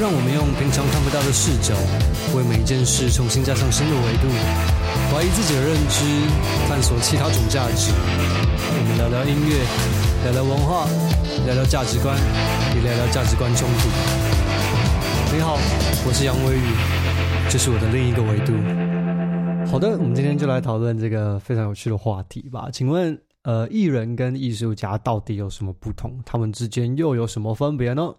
讓我們用平常看不到的視角，為每一件事重新加上新的維度，懷疑自己的認知，探索其他種價值。我們聊聊音樂，聊聊文化，聊聊價值觀，也聊聊價值觀衝突。你好，我是楊威宇，這、就是我的另一個維度。好的，我們今天就來討論這個非常有趣的話題吧。請問，呃，藝人跟藝術家到底有什麼不同？他們之間又有什麼分別呢？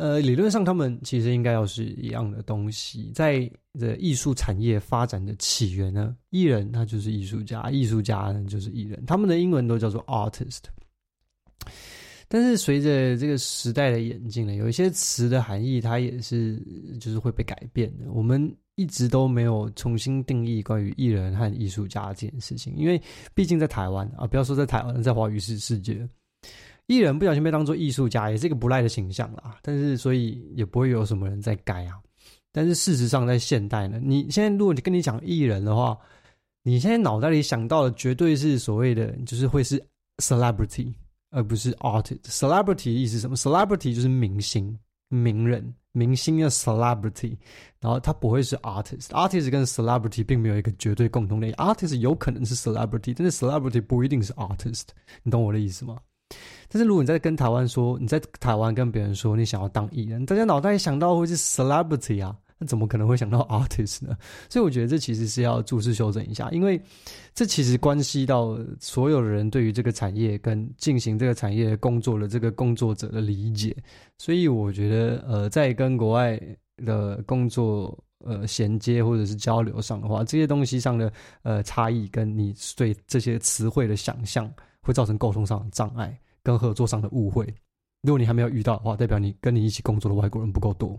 呃，理論上他們其實應該要是一樣的東西，在這藝術產業發展的起源呢，藝人他就是藝術家，藝術家呢就是藝人，他們的英文都叫做 artist。但是隨着這個時代的演進呢，有一些詞的含義它也是就是會被改變的。我們一直都沒有重新定義關於藝人和藝術家這件事情，因為畢竟在台灣啊，不要說在台灣，在華語世界。藝人不小心被當做藝術家，也是一個不賴的形象了啊！但是，所以也不會有什麼人在改啊。但是事實上，在現代呢，你現在如果你跟你講藝人的話，你現在腦袋裡想到的絕對是所謂的，就是會是 celebrity，而不是 artist。Celebrity 意思什麼？Celebrity 就是明星、名人、明星的 celebrity，然後他不會是 artist。Artist 跟 celebrity 並沒有一個絕對共同的。artist 有可能是 celebrity，但是 celebrity 不一定是 artist。你懂我的意思嗎？但是如果你在跟台灣說，你在台灣跟別人說你想要當藝人，大家腦袋想到會是 celebrity 啊，那怎麼可能會想到 artist 呢？所以我覺得這其實是要注視修正一下，因為這其實關係到所有的人對於這個產業跟進行這個產業工作的這個工作者的理解。所以我覺得，呃，在跟國外的工作呃銜接或者是交流上的話，這些東西上的呃差異，跟你對這些詞彙的想象。會造成溝通上的障礙，跟合作上的誤會。如果你還沒有遇到的話，代表你跟你一起工作的外國人不夠多。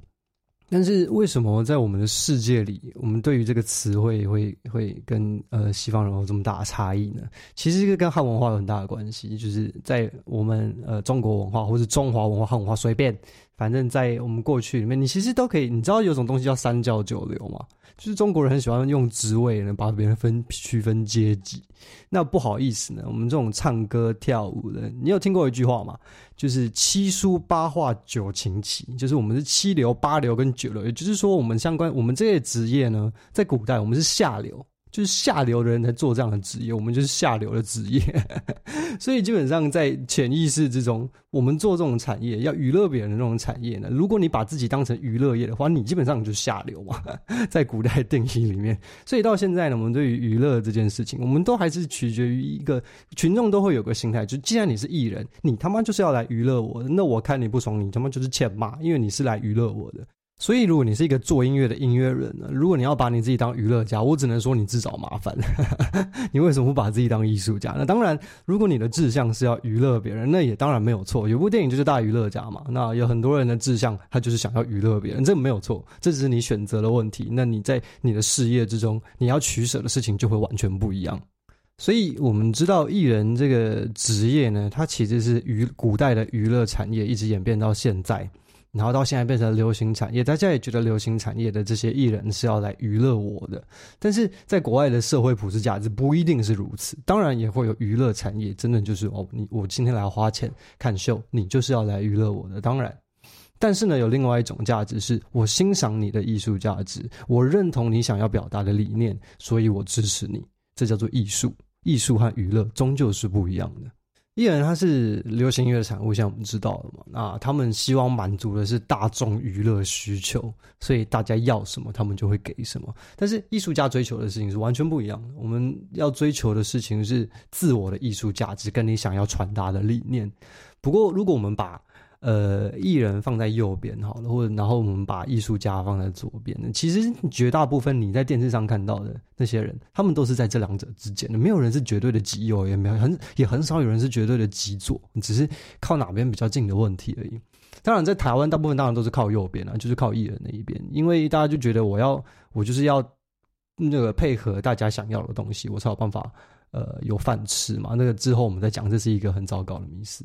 但是為什麼在我們的世界裡，我們對於這個詞彙會會，會跟呃西方人有這麼大的差異呢？其實這個跟漢文化有很大的關係，就是在我們呃中國文化或是中華文化，漢文化隨便。反正，在我們過去裡面，你其實都可以，你知道有種東西叫三教九流嘛，就是中國人很喜歡用職位呢把別人分，區分階級。那不好意思呢，我們這種唱歌跳舞的，你有聽過一句話嗎？就是七書八畫九琴棋，就是我們是七流、八流跟九流。也就是說，我們相關，我們這些職業呢，在古代我們是下流。就是下流的人才做這樣的職業，我們就是下流的職業， 所以基本上在潛意識之中，我們做這種產業，要娛樂別人的那種產業呢。如果你把自己當成娛樂業的話，你基本上就是下流嘛， 在古代定義裡面。所以到現在呢，我們對於娛樂這件事情，我們都還是取決於一個群眾都會有個心態，就既然你是藝人，你他媽就是要來娛樂我的，那我看你不爽，你他媽就是欠罵，因為你是來娛樂我的。所以，如果你是一個做音樂的音樂人呢，如果你要把你自己當娛樂家，我只能說你自找麻煩。 你為什麼不把自己當藝術家？那當然，如果你的志向是要娛樂別人，那也當然沒有錯。有部電影就是大娛樂家嘛。那有很多人的志向，他就是想要娛樂別人，這個沒有錯，這只是你選擇的問題。那你在你的事業之中，你要取捨的事情就會完全不一樣。所以我們知道藝人這個職業呢，它其實是娛古代的娛樂產業一直演變到現在。然後到現在變成流行產業，大家也覺得流行產業的這些藝人是要來娛樂我的。但是在國外的社會普世價值不一定是如此，當然也會有娛樂產業，真的就是哦，你我今天來花錢看秀，你就是要來娛樂我的，當然。但是呢，有另外一種價值是，是我欣賞你的藝術價值，我認同你想要表達的理念，所以我支持你。這叫做藝術，藝術和娛樂終究是不一樣的。藝人他是流行音樂產物，像我們知道的嘛。那他們希望滿足的是大眾娛樂需求，所以大家要什麼，他們就會給什麼。但是藝術家追求的事情是完全不一樣的，我們要追求的事情是自我的藝術價值跟你想要傳達的理念。不過，如果我們把呃，藝人放在右邊好了，或者然後我們把藝術家放在左邊。其實絕大部分你在電視上看到的那些人，他們都是在這兩者之間的，沒有人是絕對的極右，也沒有很也很少有人是絕對的極左，只是靠哪邊比較近的問題而已。當然，在台灣，大部分當然都是靠右邊啊，就是靠藝人那一邊，因為大家就覺得我要我就是要那個配合大家想要的東西，我才有辦法呃有飯吃嘛。那個之後我們再講，這是一個很糟糕的迷思。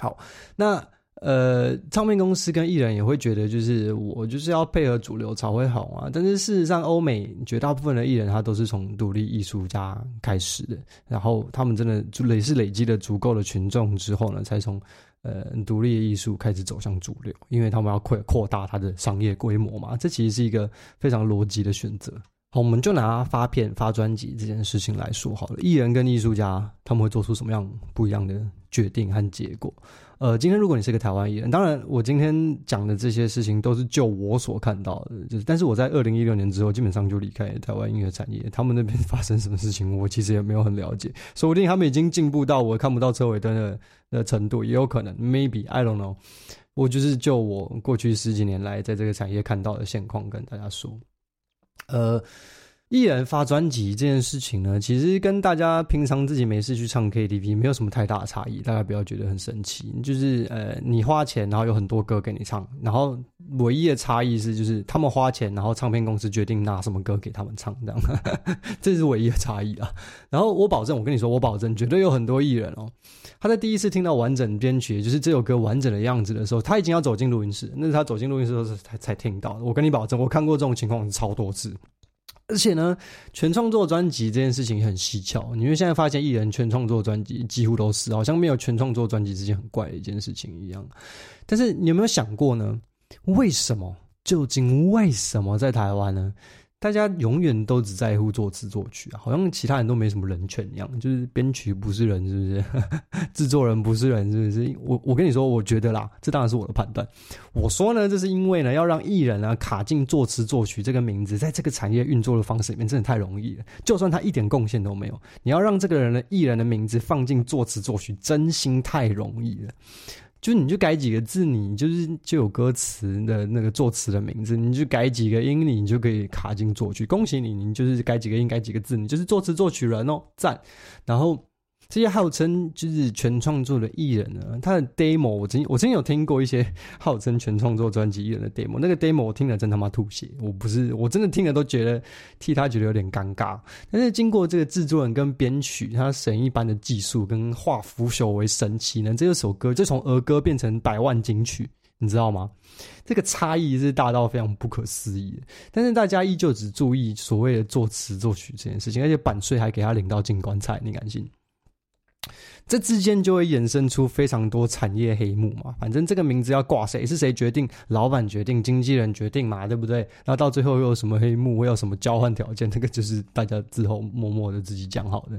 好，那呃，唱片公司跟藝人也會覺得，就是我就是要配合主流才會好啊。但是事實上，歐美絕大部分的藝人他都是從獨立藝術家開始的，然後他們真的就累是累積了足夠的群眾之後呢，才從呃獨立的藝術開始走向主流，因為他們要擴擴大他的商業規模嘛。這其實是一個非常邏輯的選擇。好，我們就拿發片、發專輯這件事情來說好了。藝人跟藝術家，他們會做出什麼樣不一樣的決定和結果？呃，今天如果你是個台灣藝人，當然我今天講的這些事情都是就我所看到的，就是，但是我在二零一六年之後基本上就離開台灣音樂產業，他們那邊發生什麼事情我其實也沒有很了解，說不定他們已經進步到我看不到車尾燈的的程度，也有可能。Maybe, I don't know。我就是就我過去十幾年來在這個產業看到的現況跟大家說。呃，藝人發專輯這件事情呢，其實跟大家平常自己沒事去唱 KTV 沒有什麼太大的差異，大家不要覺得很神奇，就是呃，你花錢，然後有很多歌給你唱，然後。唯一的差異是，就是他們花錢，然後唱片公司決定拿什麼歌給他們唱，這樣， 這是唯一的差異啊。然後我保證，我跟你說，我保證絕對有很多藝人哦、喔，他在第一次聽到完整編曲，就是這首歌完整的樣子的時候，他已經要走進錄音室，那是他走進錄音室的時候才才聽到。我跟你保證，我看過這種情況是超多次。而且呢，全創作專輯這件事情很蹊蹺，因為現在發現藝人全創作專輯幾乎都是，好像沒有全創作專輯是一件很怪的一件事情一樣。但是你有沒有想過呢？為什麼？究竟為什麼在台灣呢？大家永遠都只在乎作詞作曲啊，好像其他人都沒什麼人權一樣。就是編曲不是人，是不是？制作人不是人，是不是？我我跟你說，我覺得啦，這當然是我的判斷。我說呢，這是因為呢，要讓藝人啊卡進作詞作曲這個名字，在這個產業運作的方式裡面，真的太容易了。就算他一點貢獻都沒有，你要讓這個人的藝人的名字放進作詞作曲，真心太容易了。就你就改幾個字，你就是就有歌詞的那個作詞的名字，你就改幾個音，你就可以卡進作曲。恭喜你，你就是改幾個音，改幾個字，你就是作詞作曲人哦，贊。然後。這些號稱就是全創作的藝人呢，他的 demo 我曾經我曾經有聽過一些號稱全創作專輯藝人的 demo，那個 demo 我聽了真他媽吐血。我不是，我真的聽了都覺得替他覺得有點尷尬。但是經過這個制作人跟編曲，他神一般的技術跟化腐朽為神奇呢，這首歌就從兒歌變成百萬金曲，你知道嗎？這個差異是大到非常不可思議的。但是大家依舊只注意所謂的作詞作曲這件事情，而且版稅還給他領到進棺材，你敢信？這之間就會衍生出非常多產業黑幕嘛，反正這個名字要掛誰是誰決定，老闆決定，經紀人決定嘛，對不對？然後到最後又有什麼黑幕，又有什麼交換條件，這個就是大家之後默默的自己講好的。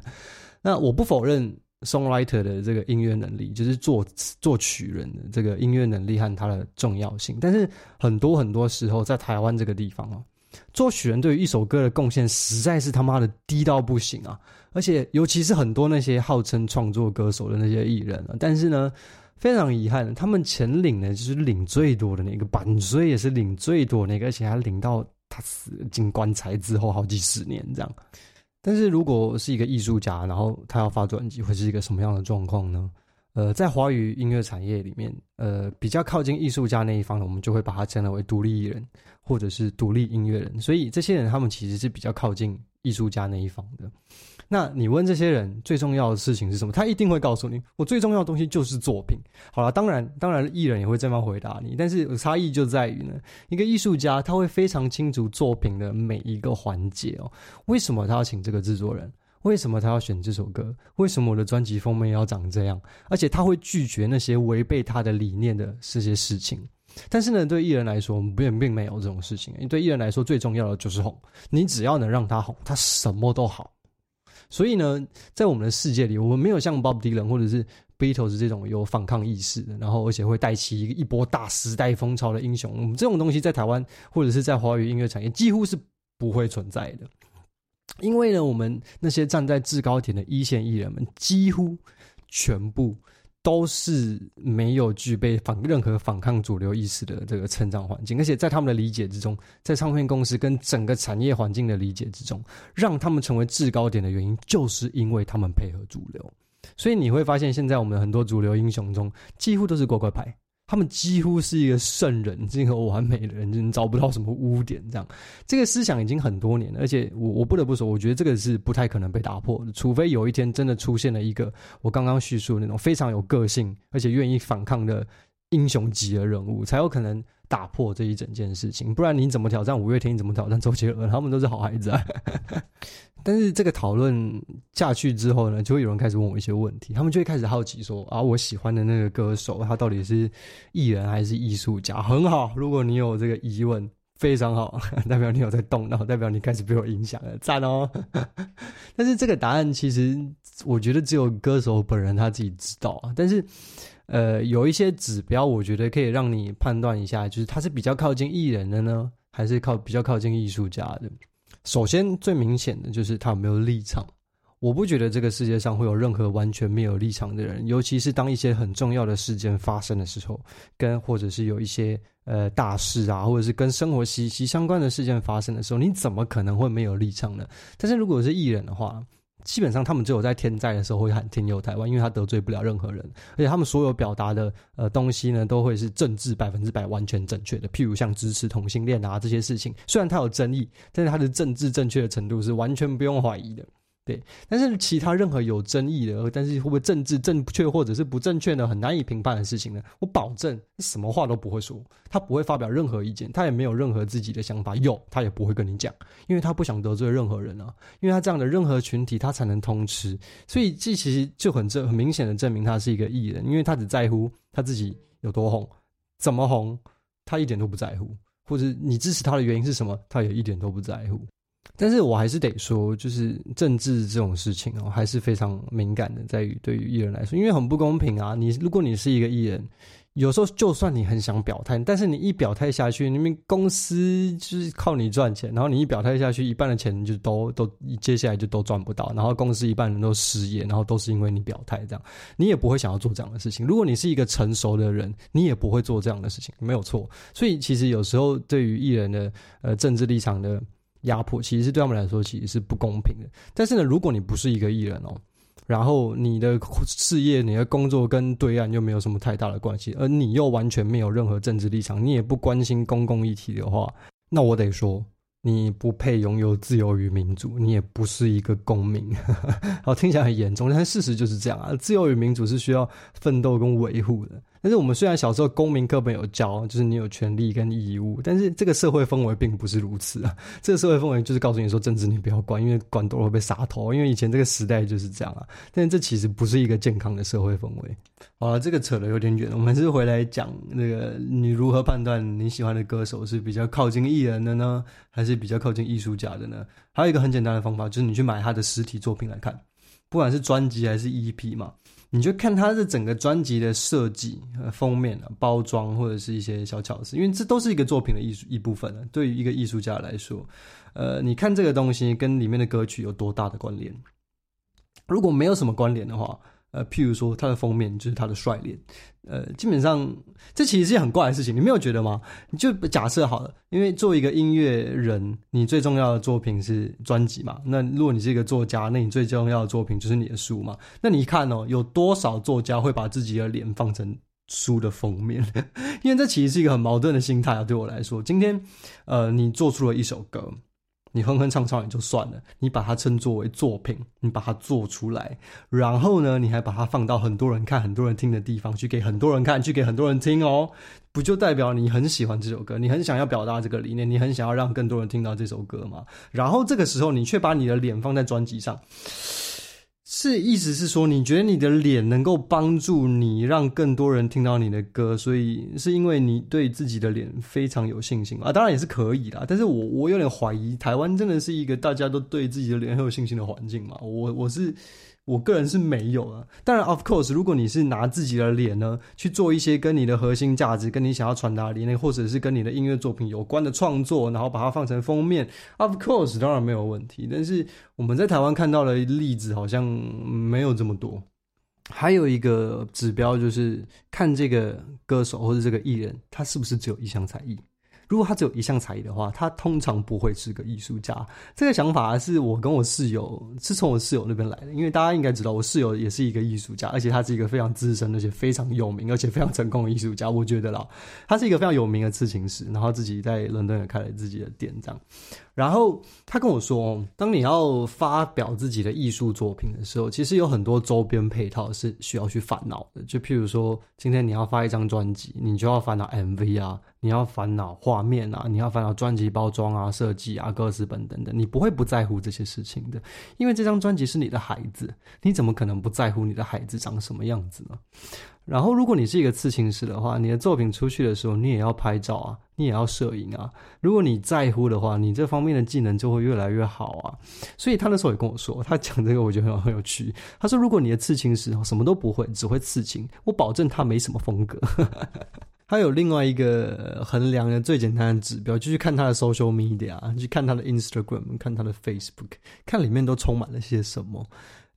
那我不否認 songwriter 的這個音樂能力，就是作作曲人的這個音樂能力和他的重要性，但是很多很多時候在台灣這個地方哦、啊，作曲人對於一首歌的貢獻實在是他媽的低到不行啊！而且，尤其是很多那些號稱創作歌手的那些藝人，啊，但是呢，非常遺憾，他們錢領，呢，就是領最多的那個，版稅也是領最多的那個，而且他領到他死進棺材之後好幾十年這樣。但是如果是一個藝術家，然後他要發專輯，會是一個什麼樣的狀況呢？呃，在華語音樂產業裡面，呃，比較靠近藝術家那一方的，我們就會把他稱為獨立藝人或者是獨立音樂人，所以這些人他們其實是比較靠近藝術家那一方的。那你問這些人最重要的事情是什麼？他一定會告訴你，我最重要的東西就是作品。好了，當然，當然，藝人也會這麼回答你，但是有差異就在於呢，一個藝術家他會非常清楚作品的每一個環節哦。為什麼他要請這個制作人？為什麼他要選這首歌？為什麼我的專輯封面要長這樣？而且他會拒絕那些違背他的理念的這些事情。但是呢，對藝人來說，我們並並沒有這種事情，因為對藝人來說最重要的就是紅。你只要能讓他紅，他什麼都好。所以呢，在我們的世界裡，我們沒有像 Bob Dylan 或者是 Beatles 這種有反抗意識的，然後而且會帶起一一波大時代風潮的英雄。我們這種東西在台灣或者是在華語音樂產業幾乎是不會存在的，因為呢，我們那些站在制高點的一線藝人們幾乎全部。都是沒有具備反任何反抗主流意識的這個成長環境，而且在他們的理解之中，在唱片公司跟整個產業環境的理解之中，讓他們成為制高點的原因，就是因為他們配合主流。所以你會發現，現在我們很多主流英雄中，幾乎都是乖乖牌。他們幾乎是一個聖人，是一個完美的人，找不到什麼污點。這樣，這個思想已經很多年了，而且我我不得不說，我覺得這個是不太可能被打破的，除非有一天真的出現了一個我剛剛敘述那種非常有個性，而且願意反抗的英雄級的人物，才有可能。打破這一整件事情，不然你怎麼挑戰五月天？你怎麼挑戰周杰倫？他們都是好孩子啊。 但是這個討論下去之後呢，就會有人開始問我一些問題。他們就會開始好奇說：“啊，我喜歡的那個歌手，他到底是藝人還是藝術家？”很好，如果你有這個疑問，非常好，代表你有在動腦，代表你開始被我影響了，讚哦。 但是這個答案其實，我覺得只有歌手本人他自己知道啊。但是。呃，有一些指標，我覺得可以讓你判斷一下，就是他是比較靠近藝人的呢，還是靠比較靠近藝術家的。首先，最明顯的就是他有沒有立場。我不覺得這個世界上會有任何完全沒有立場的人，尤其是當一些很重要的事件發生的時候，跟或者是有一些呃大事啊，或者是跟生活息息相關的事件發生的時候，你怎麼可能會沒有立場呢？但是如果是藝人的話。基本上，他們只有在天災的時候會喊「天佑台灣」，因為他得罪不了任何人。而且，他們所有表達的呃東西呢，都會是政治百分之百完全正確的。譬如像支持同性戀啊這些事情，雖然他有爭議，但是他的政治正確的程度是完全不用懷疑的。對，但是其他任何有爭議的，但是會不會政治正確或者是不正確的，很難以評判的事情呢？我保證，什麼話都不會說，他不會發表任何意見，他也沒有任何自己的想法，有他也不會跟你講，因為他不想得罪任何人啊，因為他這樣的任何群體他才能通吃，所以這其實就很正、很明顯的證明他是一個藝人，因為他只在乎他自己有多紅，怎麼紅，他一點都不在乎，或者你支持他的原因是什麼，他也一點都不在乎。但是我還是得說，就是政治這種事情哦，還是非常敏感的，在於對於藝人來說，因為很不公平啊。你如果你是一個藝人，有時候就算你很想表態，但是你一表態下去，你們公司就是靠你賺錢，然後你一表態下去，一半的錢就都都接下來就都賺不到，然後公司一半人都失業，然後都是因為你表態這樣，你也不會想要做這樣的事情。如果你是一個成熟的人，你也不會做這樣的事情，沒有錯。所以其實有時候對於藝人的呃政治立場的。壓迫其實是對他們來說其實是不公平的。但是呢，如果你不是一個藝人哦，然後你的事業、你的工作跟對岸又沒有什麼太大的關係，而你又完全沒有任何政治立場，你也不關心公共議題的話，那我得說，你不配擁有自由與民主，你也不是一個公民。 好，聽起來很嚴重，但是事實就是這樣啊，自由與民主是需要奮鬥跟維護的。但是我們雖然小時候公民課本有教，就是你有權利跟義務，但是這個社會氛圍並不是如此啊。這個社會氛圍就是告訴你說，政治你不要管，因為管多了會被殺頭，因為以前這個時代就是這樣啊。但是這其實不是一個健康的社會氛圍。好了，這個扯得有點遠，我們是回來講那個，你如何判斷你喜歡的歌手是比較靠近藝人的呢，還是比較靠近藝術家的呢？還有一個很簡單的方法，就是你去買他的實體作品來看，不管是專輯還是 EP 嘛。你就看他的整個專輯的設計、封面啊，包裝或者是一些小巧思，因為這都是一個作品的藝術一部分啊。對於一個藝術家來說，呃，你看這個東西跟裡面的歌曲有多大的關聯？如果沒有什麼關聯的話。呃，譬如說，他的封面就是他的帥臉，呃，基本上這其實是件很怪的事情，你沒有覺得嗎？你就假設好了，因為作為一個音樂人，你最重要的作品是專輯嘛。那如果你是一個作家，那你最重要的作品就是你的書嘛。那你看哦，有多少作家會把自己的臉放成書的封面？因為這其實是一個很矛盾的心態啊。對我來說，今天，呃，你做出了一首歌。你哼哼唱唱也就算了，你把它稱作為作品，你把它做出來，然後呢，你還把它放到很多人看、很多人聽的地方去給很多人看，去給很多人聽哦，不就代表你很喜歡這首歌，你很想要表達這個理念，你很想要讓更多人聽到這首歌嗎？然後這個時候，你卻把你的臉放在專輯上。是，意思是說，你覺得你的臉能夠幫助你讓更多人聽到你的歌，所以是因為你對自己的臉非常有信心啊？當然也是可以啦，但是我我有點懷疑，台灣真的是一個大家都對自己的臉很有信心的環境嘛。我我是。我個人是沒有了，當然，of course，如果你是拿自己的臉呢，去做一些跟你的核心價值、跟你想要傳達的，或者是跟你的音樂作品有關的創作，然後把它放成封面，of course，當然沒有問題。但是我們在台灣看到的例子，好像沒有這麼多。還有一個指標就是看這個歌手或者這個藝人，他是不是只有一項才藝。如果他只有一項才藝的話，他通常不會是個藝術家。這個想法是我跟我室友是從我室友那邊來的，因為大家應該知道我室友也是一個藝術家，而且他是一個非常資深、而且非常有名、而且非常成功的藝術家。我覺得啦，他是一個非常有名的刺青師，然後自己在倫敦也開了自己的店這樣。然後他跟我說：“當你要發表自己的藝術作品的時候，其實有很多周邊配套是需要去煩惱的。就譬如說，今天你要發一張專輯，你就要煩惱 MV 啊，你要煩惱畫面啊，你要煩惱專輯包裝啊、設計啊、歌詞本等等。你不會不在乎這些事情的，因為這張專輯是你的孩子，你怎麼可能不在乎你的孩子長什麼樣子呢？”然後，如果你是一個刺青師的話，你的作品出去的時候，你也要拍照啊，你也要攝影啊。如果你在乎的話，你這方面的技能就會越來越好啊。所以他那時候也跟我說，他講這個我覺得很很有趣。他說，如果你的刺青師什麼都不會，只會刺青，我保證他沒什麼風格。 他有另外一個衡量的最簡單的指標，就去看他的 social media，去看他的 Instagram，看他的 Facebook，看裡面都充滿了些什麼。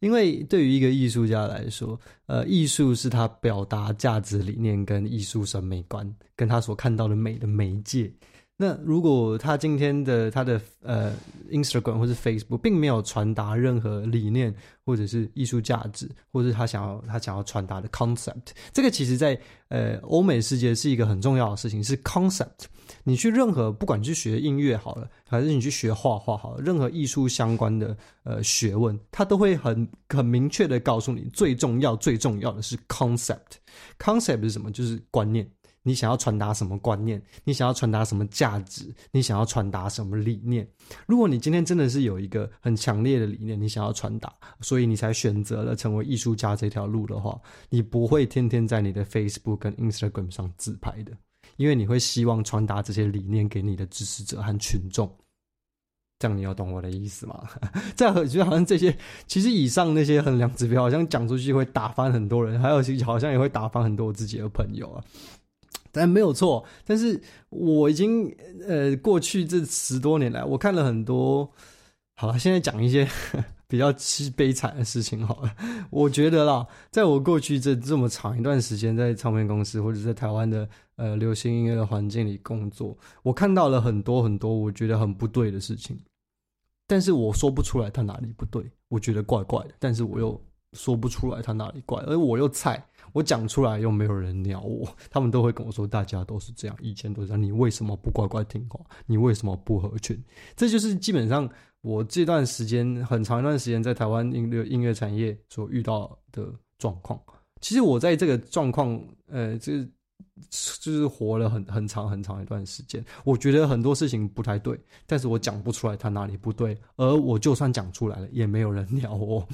因為對於一個藝術家來說，呃，藝術是他表達價值理念跟藝術審美觀，跟他所看到的美的媒介。那如果他今天的他的呃 Instagram 或是 Facebook 並沒有傳達任何理念或者是藝術價值，或者是他想要他想要傳達的 concept，這個其實在呃歐美世界是一個很重要的事情，是 concept。你去任何不管去學音樂好了，還是你去學畫畫好了，任何藝術相關的呃學問，他都會很很明確的告訴你，最重要最重要的是 concept。concept 是什麼？就是觀念。你想要傳達什麼觀念？你想要傳達什麼價值？你想要傳達什麼理念？如果你今天真的是有一個很強烈的理念，你想要傳達，所以你才選擇了成為藝術家這條路的話，你不會天天在你的 Facebook 跟 Instagram 上自拍的，因為你會希望傳達這些理念給你的支持者和群眾。這樣，你要懂我的意思嗎？這樣我覺得好像這些，其實以上那些衡量指標，好像講出去會打翻很多人，還有好像也會打翻很多我自己的朋友啊。但沒有錯，但是我已經呃，過去這十多年來，我看了很多，好了，現在講一些比較悲慘的事情好了。我覺得啦，在我過去這這麼長一段時間，在唱片公司或者在台灣的呃流行音樂的環境裡工作，我看到了很多很多我覺得很不對的事情，但是我說不出來它哪裡不對，我覺得怪怪的，但是我又。說不出來他哪裡怪，而我又菜，我講出來又沒有人鳥我，他們都會跟我說，大家都是這樣，以前都是這樣，你為什麼不乖乖聽話？你為什麼不合群？這就是基本上我這段時間很長一段時間在台灣音樂音樂產業所遇到的狀況。其實我在這個狀況，呃、這、就是。就是活了很很長很長一段時間，我覺得很多事情不太對，但是我講不出來他哪裡不對，而我就算講出來了也沒有人鳥我，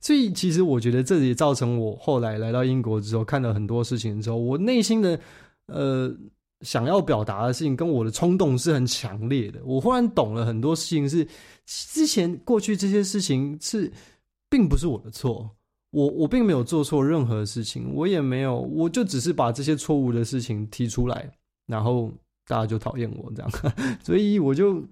所以其實我覺得這也造成我後來來到英國之後，看了很多事情之後，我內心的呃想要表達的事情跟我的衝動是很強烈的，我忽然懂了很多事情，是之前過去這些事情是並不是我的錯。我我並沒有做錯任何事情，我也沒有，我就只是把這些錯誤的事情提出來，然後大家就討厭我這樣， 所以我就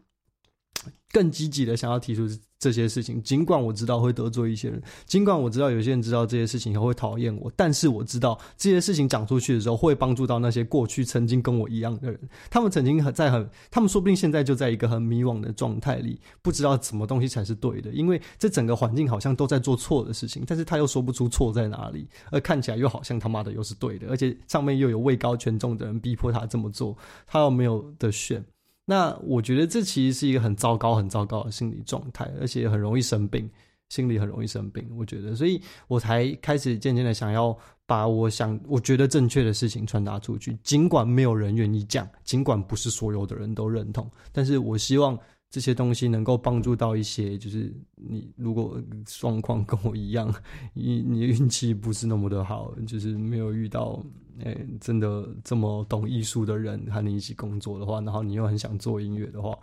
更積極的想要提出。這些事情，儘管我知道會得罪一些人，儘管我知道有些人知道這些事情以後會討厭我，但是我知道這些事情講出去的時候，會幫助到那些過去曾經跟我一樣的人。他們曾經很在很，他們說不定現在就在一個很迷惘的狀態裡，不知道什麼東西才是對的，因為這整個環境好像都在做錯的事情，但是他又說不出錯在哪裡，而看起來又好像他媽的又是對的，而且上面又有位高權重的人逼迫他這麼做，他又沒有得選。那我覺得這其實是一個很糟糕、很糟糕的心理狀態，而且很容易生病，心理很容易生病。我覺得，所以我才開始漸漸的想要把我想、我覺得正確的事情傳達出去，儘管沒有人願意講，儘管不是所有的人都認同，但是我希望。這些東西能夠幫助到一些，就是你如果狀況跟我一樣，你你運氣不是那麼的好，就是沒有遇到誒、欸、真的這麼懂藝術的人和你一起工作的話，然後你又很想做音樂的話，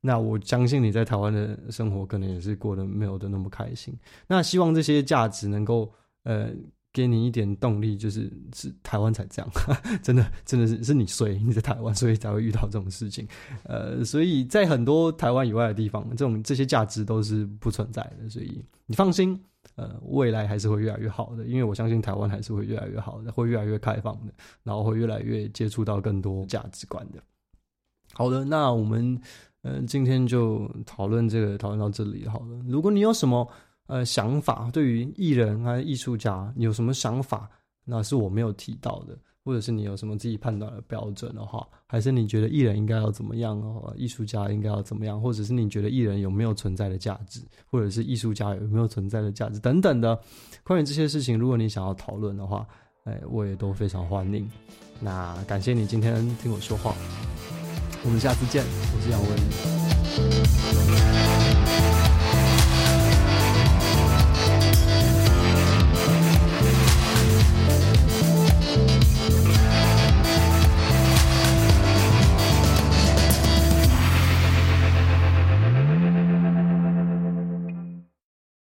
那我相信你在台灣的生活可能也是過得沒有的那麼開心。那希望這些價值能夠呃。給你一點動力，就是是台灣才這樣，呵呵真的真的是是你，所以你在台灣，所以才會遇到這種事情。呃，所以在很多台灣以外的地方，這種這些價值都是不存在的。所以你放心，呃，未來還是會越來越好的，因為我相信台灣還是會越來越好的，會越來越開放的，然後會越來越接觸到更多價值觀的。好的，那我們嗯、呃，今天就討論這個，討論到這裡好了。如果你有什麼。呃，想法，對於藝人還是藝術家你有什麼想法？那是我沒有提到的，或者是你有什麼自己判斷的標準的話，還是你覺得藝人應該要怎麼樣哦，藝術家應該要怎麼樣？或者是你覺得藝人有沒有存在的價值，或者是藝術家有沒有存在的價值等等的？關於這些事情，如果你想要討論的話，呃，我也都非常歡迎。那感謝你今天聽我說話，我們下次見，我是楊文。